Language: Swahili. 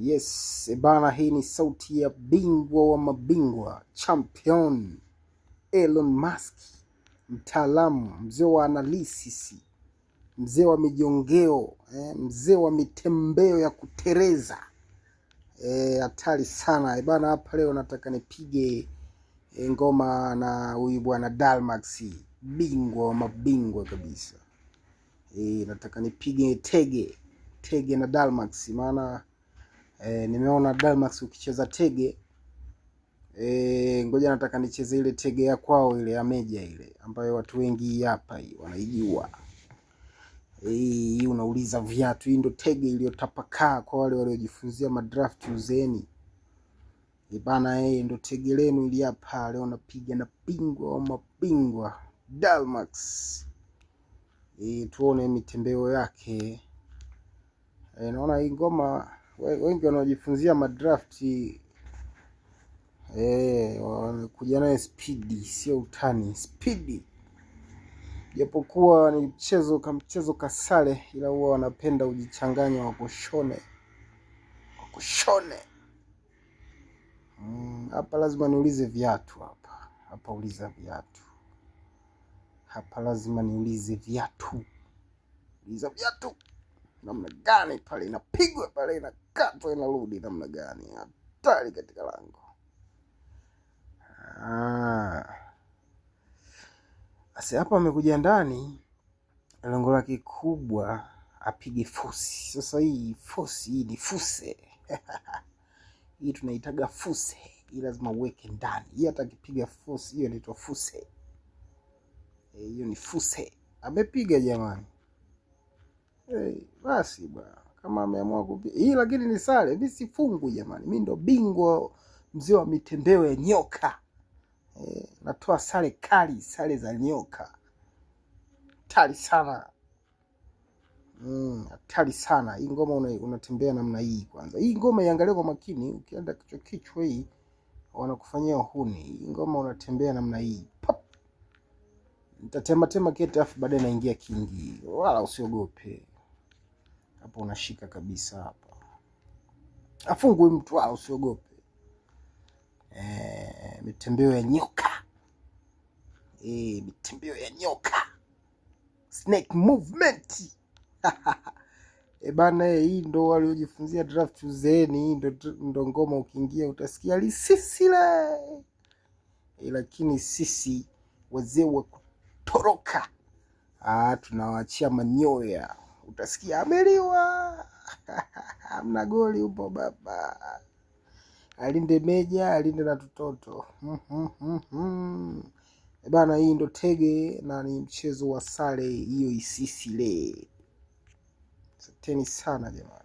Yes ebana, eh, hii ni sauti ya bingwa wa mabingwa champion Elon Musk, mtaalamu mzee wa analysis, mzee wa mijongeo eh, mzee wa mitembeo ya kutereza eh, hatari eh, sana ebana Hapa leo nataka nipige eh, ngoma na huyu bwana Dalmax, bingwa wa mabingwa kabisa eh, nataka nipige tege tege na Dalmax maana e, nimeona Dalmax ukicheza tege e, ngoja nataka nicheze ile tege ya kwao ile ya meja ile ambayo watu wengi hapa hii wanaijua hii eh, e, unauliza viatu. Hii ndo tege iliyotapakaa kwa wale waliojifunzia madraft uzeni ibana e, bana yeye ndo tege lenu ili hapa leo napiga na pingwa mapingwa Dalmax e, tuone mitembeo yake e, naona hii ngoma wengi wanaojifunzia madrafti eh, wanakuja naye spidi, sio utani, spidi. Japokuwa ni mchezo kamchezo kasale, ila huwa wanapenda ujichanganya, wakushone wakushone. Mm, hapa mm, lazima niulize viatu hapa hapa, uliza viatu hapa, lazima niulize viatu, uliza viatu namna gani pale, inapigwa pale, inakatwa, inarudi namna gani, hatari katika lango. Sasa ah. hapa amekuja ndani, lengo lake kubwa apige fosi. Sasa hii fosi hii ni fuse hii tunaitaga fuse, hii lazima uweke ndani hii. Hata akipiga fusi hiyo inaitwa fuse, eh, hiyo ni fuse. Amepiga jamani. Hey, eh, basi bwana kama ameamua kupiga hii, lakini ni sare, mi sifungwi jamani, mi ndo bingwa mzee wa mitembeo ya nyoka hey, eh, natoa sare kali, sare za nyoka tali sana mm, hatari mm, sana hii ngoma una, unatembea namna hii. Kwanza hii ngoma iangalie kwa makini, ukienda kichwa kichwa hii wanakufanyia uhuni. Hii ngoma unatembea namna hii, nitatema tema kete, afu baadaye naingia kingi, wala usiogope. Hapo unashika kabisa hapa. Afungu mtu wao, ah, usiogope. Eh, mitembeo ya nyoka. Eh, mitembeo ya nyoka. Snake movement. E bana, eh, hii ndo waliojifunzia draft uzeeni. Hii ndo, ndo ngoma ukiingia utasikia lisisile, eh, lakini sisi wazee wa kutoroka ah, tunawaachia manyoya utasikia ameliwa amna goli upo baba, alinde meja alinde na tutoto hmm, hmm, hmm, eh, bana. Hii ndo tege na ni mchezo wa sare hiyo isisile. Asanteni sana jamani.